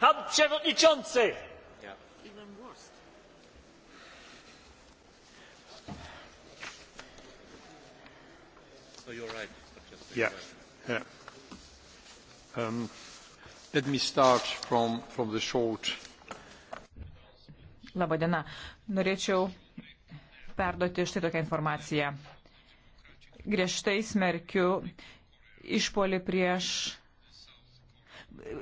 Pan przewodniczący! So you're right. Yeah. yeah. Um, let me start from, from the short. Labadiena. Norėčiau perduoti štai tokią informaciją. Griežtai smerkiu išpolį prieš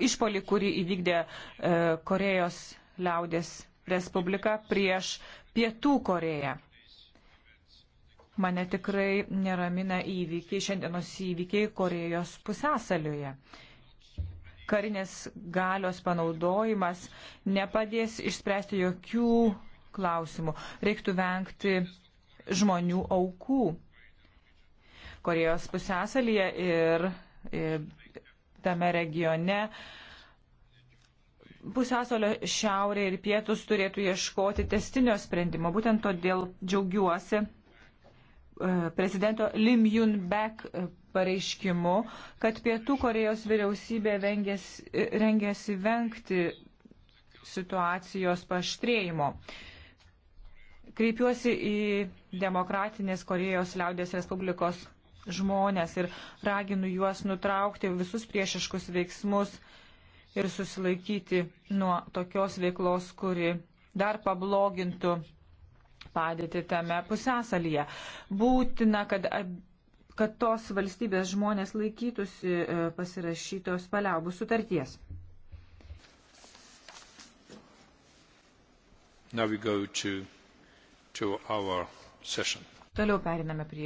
išpolį, kurį įvykdė e, Korejos liaudės Respublika prieš Pietų Koreją. Mane tikrai neramina įvykiai, šiandienos įvykiai Korejos pusęsaliuje. Karinės galios panaudojimas nepadės išspręsti jokių klausimų. Reiktų vengti žmonių aukų. Korejos pusęsalyje ir, ir tame regione. Pusiasalio šiaurė ir pietus turėtų ieškoti testinio sprendimo. Būtent todėl džiaugiuosi e, prezidento Lim Jun Bek e, pareiškimu, kad Pietų Korejos vyriausybė rengėsi, e, rengėsi vengti situacijos paštrėjimo kreipiuosi į Demokratinės Korejos liaudės Respublikos žmonės ir raginu juos nutraukti visus priešiškus veiksmus ir susilaikyti nuo tokios veiklos, kuri dar pablogintų padėti tame pusęsalyje. Būtina, kad, kad tos valstybės žmonės laikytųsi e, pasirašytos paliaubų sutarties. To, to Toliau periname prie